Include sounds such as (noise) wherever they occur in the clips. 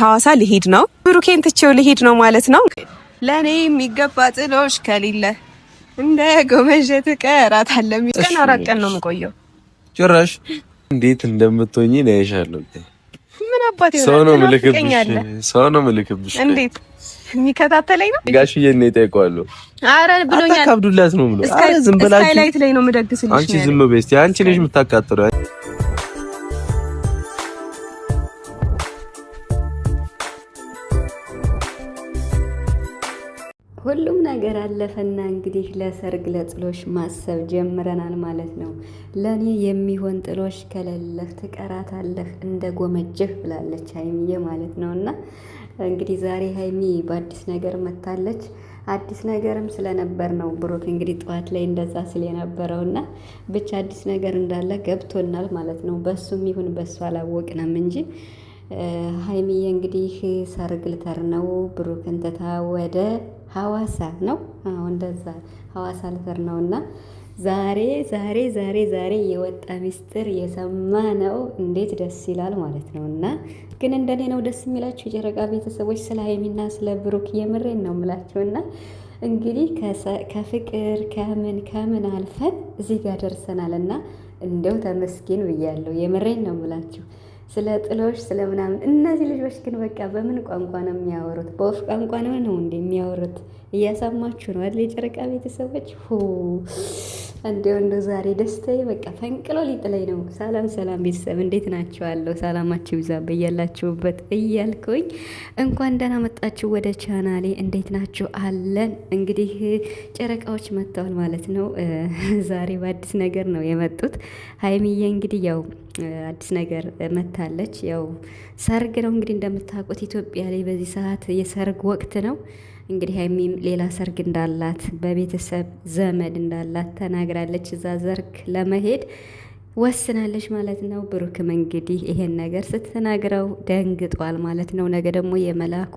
ሐዋሳ ሊሄድ ነው። ብሩኬን ትቼው ሊሄድ ነው ማለት ነው። ለእኔ የሚገባ ጥሎሽ ከሌለ እንደ ጎመጀት ቀራት አለ ቀን አራት ቀን ነው የምቆየው። ጭራሽ እንዴት እንደምትሆኝ እያይሻለሁ። ምን አባት ሰው ነው ምልክብሽ፣ ሰው ነው ምልክብሽ። እንዴት የሚከታተለኝ ነው ጋሽዬ ነው የጠይቀዋለሁ። አረ ብሎኛል። አታካብዱላት ነው ብሎ ዝም ብላችሁ ስካይላይት ላይ ነው የምደግስልሽ። አንቺ ዝም በይ እስኪ። አንቺ ልጅ የምታቃጥለው ነገር አለፈና እንግዲህ ለሰርግ ለጥሎሽ ማሰብ ጀምረናል ማለት ነው። ለእኔ የሚሆን ጥሎሽ ከሌለህ ትቀራታለህ እንደ ጎመጀህ ብላለች ሀይሚዬ ማለት ነው። እና እንግዲህ ዛሬ ሀይሚ በአዲስ ነገር መታለች። አዲስ ነገርም ስለነበር ነው ብሩክ እንግዲህ ጠዋት ላይ እንደዛ ስል የነበረው እና ብቻ አዲስ ነገር እንዳለ ገብቶናል ማለት ነው። በሱም ይሁን በሱ አላወቅንም እንጂ ሀይሚዬ እንግዲህ ሰርግ ልተር ነው ብሩክን ትታ ወደ ሀዋሳ ነው። አዎ እንደዛ ልተር ነው እና ዛሬ ዛሬ ዛሬ ዛሬ የወጣ ሚስጥር የሰማ ነው። እንዴት ደስ ይላል ማለት ነው። እና ግን እንደኔ ነው ደስ የሚላችሁ የጨረቃ ቤተሰቦች ስለ ሀይሚና ስለ ብሩክ የምሬን ነው የምላችሁ እና እንግዲህ ከፍቅር ከምን ከምን አልፈን እዚህ ጋር ደርሰናል እና እንደው ተመስገን ብያለሁ። የምሬን ነው የምላችሁ ስለ ጥሎሽ ስለ ምናምን። እነዚህ ልጆች ግን በቃ በምን ቋንቋ ነው የሚያወሩት? በወፍ ቋንቋ ነው ነው እንዴ የሚያወሩት። እያሰማችሁ ነው አይደል? የጨረቃ ቤተሰቦች እንዲሁ እንደ ዛሬ ደስታዬ በቃ ፈንቅሎ ሊጥለኝ ነው። ሰላም ሰላም ቤተሰብ እንዴት ናችኋለሁ? ሰላማችሁ ይብዛ በያላችሁበት እያልኩኝ እንኳን ደህና መጣችሁ ወደ ቻናሌ። እንዴት ናችሁ? አለን እንግዲህ ጨረቃዎች መጥተዋል ማለት ነው። ዛሬ በአዲስ ነገር ነው የመጡት። ሀይሚዬ እንግዲህ ያው አዲስ ነገር መታለች። ያው ሰርግ ነው እንግዲህ እንደምታውቁት ኢትዮጵያ ላይ በዚህ ሰዓት የሰርግ ወቅት ነው። እንግዲህ ሀይሚም ሌላ ሰርግ እንዳላት በቤተሰብ ዘመድ እንዳላት ተናግራለች። እዛ ሰርግ ለመሄድ ወስናለች ማለት ነው። ብሩክም እንግዲህ ይሄን ነገር ስትናግረው ደንግጧል ማለት ነው። ነገ ደግሞ የመላኩ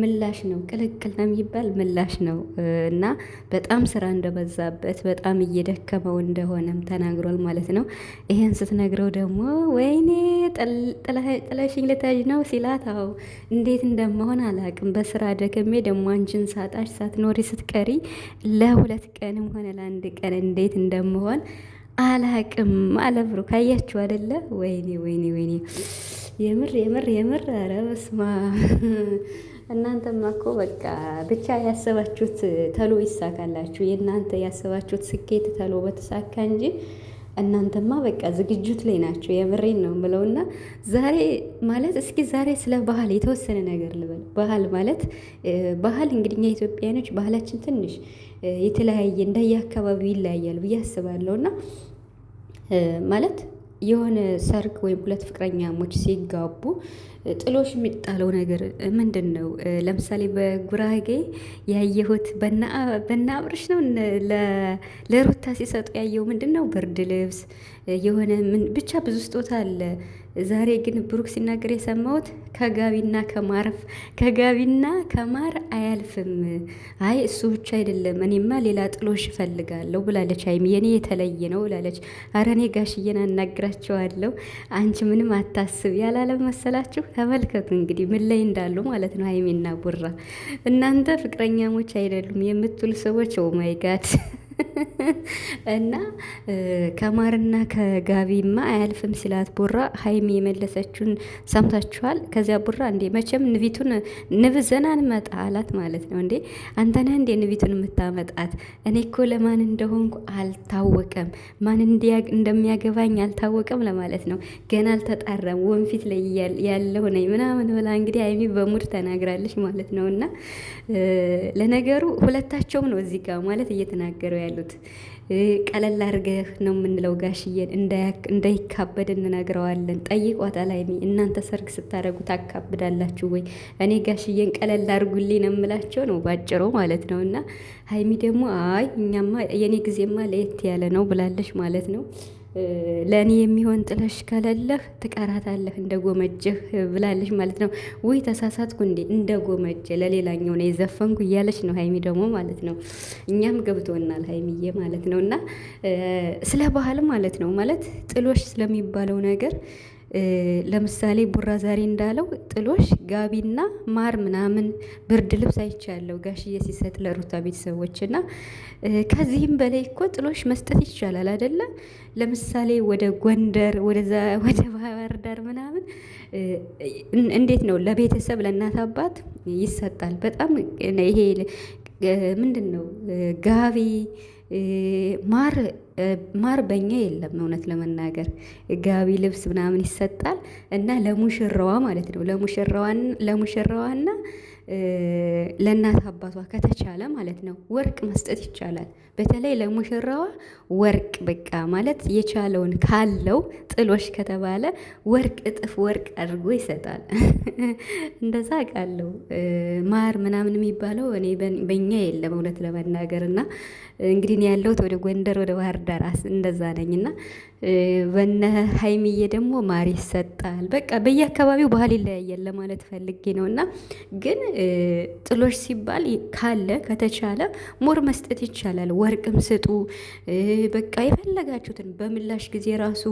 ምላሽ ነው። ቅልቅል ነው የሚባል ምላሽ ነው እና በጣም ስራ እንደበዛበት በጣም እየደከመው እንደሆነም ተናግሯል ማለት ነው። ይሄን ስትነግረው ደግሞ ወይኔ ጥለሽኝ ልታጅ ነው ሲላት፣ አዎ እንዴት እንደመሆን አላቅም በስራ ደክሜ ደግሞ አንቺን ሳጣሽ ሳትኖሪ ስትቀሪ ለሁለት ቀንም ሆነ ለአንድ ቀን እንዴት እንደመሆን አላቅም አለ ብሩክ። አያችሁ አደለ ወይኔ ወይኔ ወይኔ! የምር የምር የምር! ኧረ በስመ አብ! እናንተማ እኮ በቃ ብቻ ያሰባችሁት ተሎ ይሳካላችሁ። የእናንተ ያሰባችሁት ስኬት ተሎ በተሳካ እንጂ እናንተማ በቃ ዝግጅት ላይ ናቸው። የምሬን ነው የምለውና ዛሬ ማለት እስኪ ዛሬ ስለ ባህል የተወሰነ ነገር ልበል። ባህል ማለት ባህል እንግዲህ እኛ ኢትዮጵያኖች ባህላችን ትንሽ የተለያየ እንደየ አካባቢው ይለያያል ብዬ አስባለሁና ማለት የሆነ ሰርግ ወይም ሁለት ፍቅረኛሞች ሲጋቡ ጥሎሽ የሚጣለው ነገር ምንድን ነው? ለምሳሌ በጉራጌ ያየሁት በና አብርሽ ነው ለሩታ ሲሰጡ ያየው ምንድን ነው? ብርድ ልብስ የሆነ ብቻ ብዙ ስጦታ አለ። ዛሬ ግን ብሩክ ሲናገር የሰማሁት ከጋቢና ከማረፍ ከጋቢና ከማር አያልፍም። አይ እሱ ብቻ አይደለም፣ እኔማ ሌላ ጥሎሽ እፈልጋለሁ ብላለች። አይም የኔ የተለየ ነው ብላለች። አረ እኔ ጋሽዬን አናግራቸዋለሁ፣ አንቺ ምንም አታስብ ያላለ መሰላችሁ? ተመልከቱ እንግዲህ ምን ላይ እንዳሉ ማለት ነው። አይሜና ቡራ እናንተ ፍቅረኛሞች አይደሉም የምትሉ ሰዎች ኦማይ ጋድ እና ከማርና ከጋቢማ አያልፍም ሲላት ቡራ ሀይሚ የመለሰችውን ሰምታችኋል። ከዚያ ቡራ እንዴ መቼም ንቢቱን ንብ ዘናን መጣ አላት ማለት ነው። እንዴ አንተና እንዴ ንቢቱን የምታመጣት እኔ እኮ ለማን እንደሆንኩ አልታወቀም፣ ማን እንደሚያገባኝ አልታወቀም ለማለት ነው። ገና አልተጣረም፣ ወንፊት ላይ ያለው ነኝ ምናምን ብላ እንግዲህ ሀይሚ በሙድ ተናግራለች ማለት ነው። እና ለነገሩ ሁለታቸውም ነው እዚህ ጋር ማለት እየተናገረው ያሉት። ቀለል አድርገህ ነው የምንለው ጋሽዬን እንዳይካበድ እንነግረዋለን። ጠይቋታል ላይ እናንተ ሰርግ ስታደርጉ ታካብዳላችሁ ወይ? እኔ ጋሽዬን ቀለል አድርጉልኝ ነው የምላቸው ነው ባጭሩ ማለት ነው። እና ሀይሚ ደግሞ አይ እኛማ የእኔ ጊዜማ ለየት ያለ ነው ብላለች ማለት ነው። ለእኔ የሚሆን ጥለሽ ከሌለህ ትቀራታለህ እንደ ጎመጀህ ብላለች ማለት ነው። ውይ ተሳሳትኩ እንዴ እንደ ጎመጀ ለሌላኛው ነው የዘፈንኩ እያለች ነው ሀይሚ ደግሞ ማለት ነው። እኛም ገብቶናል ሀይሚዬ ማለት ነው። እና ስለ ባህል ማለት ነው ማለት ጥሎሽ ስለሚባለው ነገር ለምሳሌ ቡራ ዛሬ እንዳለው ጥሎሽ ጋቢና ማር ምናምን ብርድ ልብስ አይቻለሁ ጋሽዬ ሲሰጥ ለሩታ ቤተሰቦች እና ከዚህም በላይ እኮ ጥሎሽ መስጠት ይቻላል አይደለ? ለምሳሌ ወደ ጎንደር ወደ ባህር ዳር ምናምን እንዴት ነው ለቤተሰብ ለእናት አባት ይሰጣል። በጣም ይሄ ምንድን ነው ጋቢ ማር ማር በኛ የለም። እውነት ለመናገር ጋቢ ልብስ ምናምን ይሰጣል እና ለሙሽራዋ ማለት ነው ለሙሽራዋና ለእናት አባቷ ከተቻለ ማለት ነው ወርቅ መስጠት ይቻላል። በተለይ ለሙሽራዋ ወርቅ በቃ ማለት የቻለውን ካለው ጥሎሽ ከተባለ ወርቅ እጥፍ ወርቅ አድርጎ ይሰጣል። (laughs) እንደዛ ቃለው ማር ምናምን የሚባለው እኔ በእኛ የለም እውነት ለመናገር እና እንግዲህ ያለሁት ወደ ጎንደር ወደ ባህር ዳር እንደዛ ነኝ እና በነ ሀይሚዬ ደግሞ ማር ይሰጣል። በቃ በየአካባቢው ባህል ይለያያል ለማለት ፈልጌ ነው እና ግን ጥሎሽ ሲባል ካለ ከተቻለ ሞር መስጠት ይቻላል። ወርቅም ስጡ፣ በቃ የፈለጋችሁትን በምላሽ ጊዜ ራሱ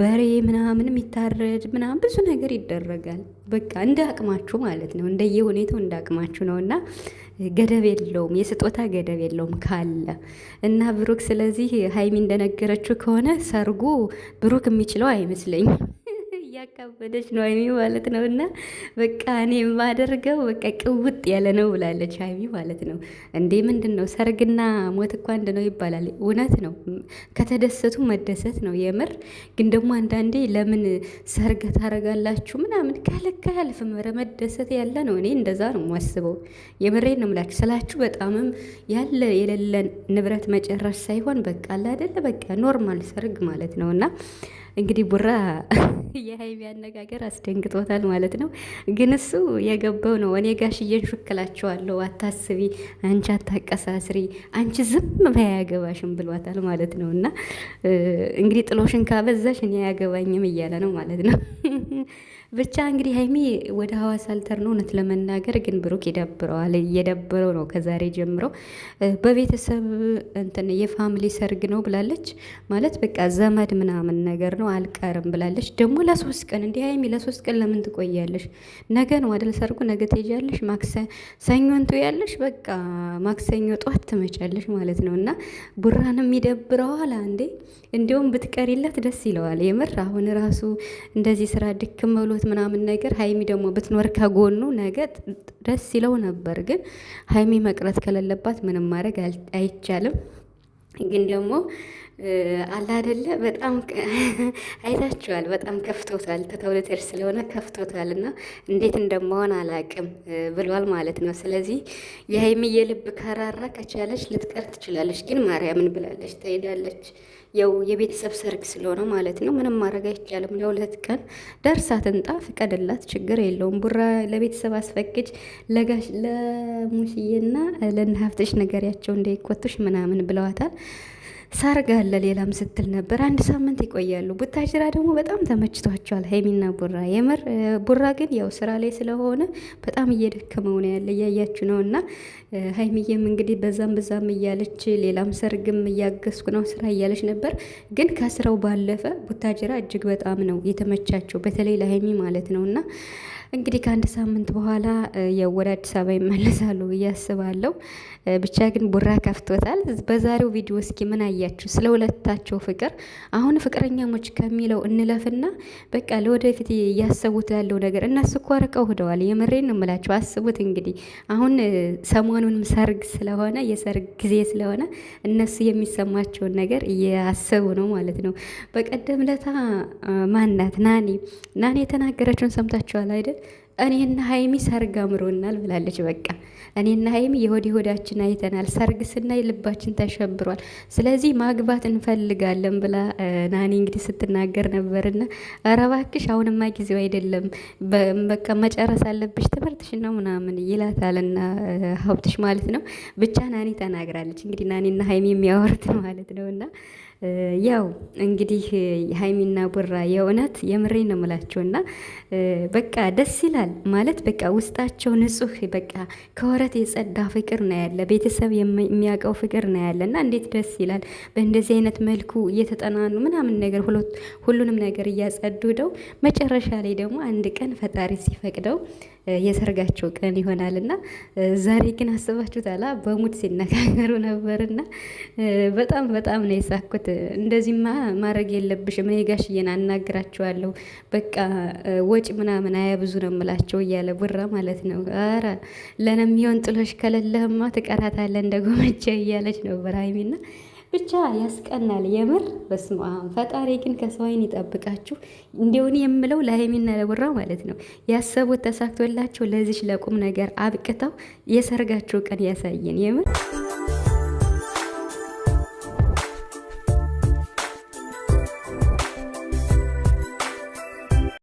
በሬ ምናምን የሚታረድ ምናምን ብዙ ነገር ይደረጋል። በቃ እንደ አቅማችሁ ማለት ነው፣ እንደየ ሁኔታው እንደ አቅማችሁ ነው እና ገደብ የለውም። የስጦታ ገደብ የለውም ካለ እና ብሩክ፣ ስለዚህ ሀይሚ እንደነገረችው ከሆነ ሰርጉ ብሩክ የሚችለው አይመስለኝም። እያካበደች ነው ሀይሚ ማለት ነው። እና በቃ እኔ የማደርገው በቃ ቅውጥ ያለ ነው ብላለች ሀይሚ ማለት ነው። እንዴ ምንድን ነው ሰርግና ሞት እኮ አንድ ነው ይባላል። እውነት ነው። ከተደሰቱ መደሰት ነው የምር። ግን ደግሞ አንዳንዴ ለምን ሰርግ ታደርጋላችሁ ምናምን ከልክ አያልፍም። ምረ መደሰት ያለ ነው። እኔ እንደዛ ነው የማስበው። የምሬን ነው የምላችሁ ስላችሁ በጣምም ያለ የሌለ ንብረት መጨረስ ሳይሆን በቃ አለ አይደለ በቃ ኖርማል ሰርግ ማለት ነው እና እንግዲህ ቡራ የሀይሚ አነጋገር አስደንግጦታል ማለት ነው። ግን እሱ የገባው ነው። እኔ ጋሽዬን ሹክላቸዋለሁ፣ አታስቢ፣ አንቺ አታቀሳስሪ፣ አንቺ ዝም በይ አያገባሽም ብሏታል ማለት ነው። እና እንግዲህ ጥሎሽን ካበዛሽ እኔ አያገባኝም እያለ ነው ማለት ነው። (laughs) ብቻ እንግዲህ ሀይሚ ወደ ሀዋሳ አልተር ነው እውነት ለመናገር ግን ብሩክ ይደብረዋል። እየደበረው ነው ከዛሬ ጀምሮ በቤተሰብ እንትን የፋሚሊ ሰርግ ነው ብላለች። ማለት በቃ ዘመድ ምናምን ነገር ነው አልቀርም ብላለች። ደግሞ ለሶስት ቀን እንዲህ ሀይሚ ለሶስት ቀን ለምን ትቆያለሽ? ነገ ነው አይደል ሰርጉ፣ ነገ ትሄጃለሽ፣ ሰኞን ትውያለሽ፣ በቃ ማክሰኞ ጠዋት ትመጫለሽ ማለት ነው። እና ቡራንም ይደብረዋል አንዴ። እንዲሁም ብትቀሪለት ደስ ይለዋል። የምር አሁን ራሱ እንደዚህ ስራ ድክም ብሎት አብሮት ምናምን ነገር ሀይሚ ደግሞ ብትኖር ከጎኑ ነገ ደስ ይለው ነበር። ግን ሀይሚ መቅረት ከሌለባት ምንም ማድረግ አይቻልም። ግን ደግሞ አላደለ በጣም (laughs) አይታችኋል። በጣም ከፍቶታል። ተተውለቴር ስለሆነ ከፍቶታል እና እንዴት እንደመሆን አላቅም ብሏል ማለት ነው። ስለዚህ የሀይሚ የልብ ከራራ ከቻለች ልትቀር ትችላለች። ግን ማርያምን ብላለች ትሄዳለች። ያው የቤተሰብ ሰርግ ስለሆነ ማለት ነው። ምንም ማድረግ አይቻልም። ለሁለት ቀን ደርሳ ትንጣ ፍቀድላት፣ ችግር የለውም። ቡራ ለቤተሰብ አስፈቅጅ ለጋሽ ለሙሽዬና ለነሀፍትሽ ነገሪያቸው እንዳይኮቱሽ ምናምን ብለዋታል። ሰርግ አለ ሌላም ስትል ነበር። አንድ ሳምንት ይቆያሉ። ቡታጅራ ደግሞ በጣም ተመችቷቸዋል ሀይሚና ቡራ። የምር ቡራ ግን ያው ስራ ላይ ስለሆነ በጣም እየደከመው ነው ያለ እያያችሁ ነው። እና ሀይሚዬም እንግዲህ በዛም በዛም እያለች ሌላም ሰርግም እያገዝኩ ነው ስራ እያለች ነበር። ግን ከስራው ባለፈ ቡታጅራ እጅግ በጣም ነው የተመቻቸው፣ በተለይ ለሀይሚ ማለት ነው። እና እንግዲህ ከአንድ ሳምንት በኋላ ያው ወደ አዲስ አበባ ይመለሳሉ ብዬ አስባለሁ። ብቻ ግን ቡራ ከፍቶታል በዛሬው ቪዲዮ። እስኪ ምን አየ ያሳያችሁ ስለ ሁለታቸው ፍቅር። አሁን ፍቅረኛሞች ከሚለው እንለፍና በቃ ለወደፊት እያሰቡት ያለው ነገር እነሱ እኮ ርቀው ሂደዋል። የምሬን ነው የምላቸው። አስቡት እንግዲህ አሁን ሰሞኑንም ሰርግ ስለሆነ የሰርግ ጊዜ ስለሆነ እነሱ የሚሰማቸውን ነገር እያሰቡ ነው ማለት ነው። በቀደም ለታ ማናት ናኒ ናኒ የተናገረችውን ሰምታችኋል አይደል? እኔና ሀይሚ ሰርግ አምሮናል ብላለች። በቃ እኔና ሀይሚ የሆድ ሆዳችን አይተናል። ሰርግ ስናይ ልባችን ተሸብሯል። ስለዚህ ማግባት እንፈልጋለን ብላ ናኒ እንግዲህ ስትናገር ነበርና ኧረ እባክሽ አሁንማ ጊዜው አይደለም፣ በቃ መጨረስ አለብሽ ትምህርትሽ ነው ምናምን ይላታልና ሀብትሽ ማለት ነው ብቻ ናኒ ተናግራለች። እንግዲህ ናኒና ሀይሚ የሚያወርት ማለት ነውና ያው እንግዲህ ሀይሚና ቡራ የእውነት የምሬ ነው የምላቸውና በቃ ደስ ይላል ማለት በቃ ውስጣቸው ንጹህ በቃ ከወረት የጸዳ ፍቅር ነው ያለ ቤተሰብ የሚያውቀው ፍቅር ነው ያለ እና እንዴት ደስ ይላል። በእንደዚህ አይነት መልኩ እየተጠናኑ ምናምን ነገር ሁሉንም ነገር እያጸዱ ደው መጨረሻ ላይ ደግሞ አንድ ቀን ፈጣሪ ሲፈቅደው የሰርጋቸው ቀን ይሆናል እና ዛሬ ግን አስባችሁታል በሙድ ሲነጋገሩ ነበር እና በጣም በጣም ነው የሳኩት። እንደዚህማ ማድረግ የለብሽም እኔ ጋሽዬን አናግራቸዋለሁ በቃ ወጪ ምናምን አያብዙ ነው የምላቸው እያለ ቡራ ማለት ነው። ኧረ ለነሚሆን ጥሎሽ ከለለህማ ትቀራታለህ እንደ እያለች ነበር ሀይሚና ብቻ ያስቀናል የምር በስመ አብ ፈጣሪ ግን ከሰው አይን ይጠብቃችሁ። እንዲሁን የምለው ለሀይሚና ለቡራ ማለት ነው ያሰቡት ተሳክቶላቸው ለዚች ለቁም ነገር አብቅተው የሰርጋቸው ቀን ያሳየን የምር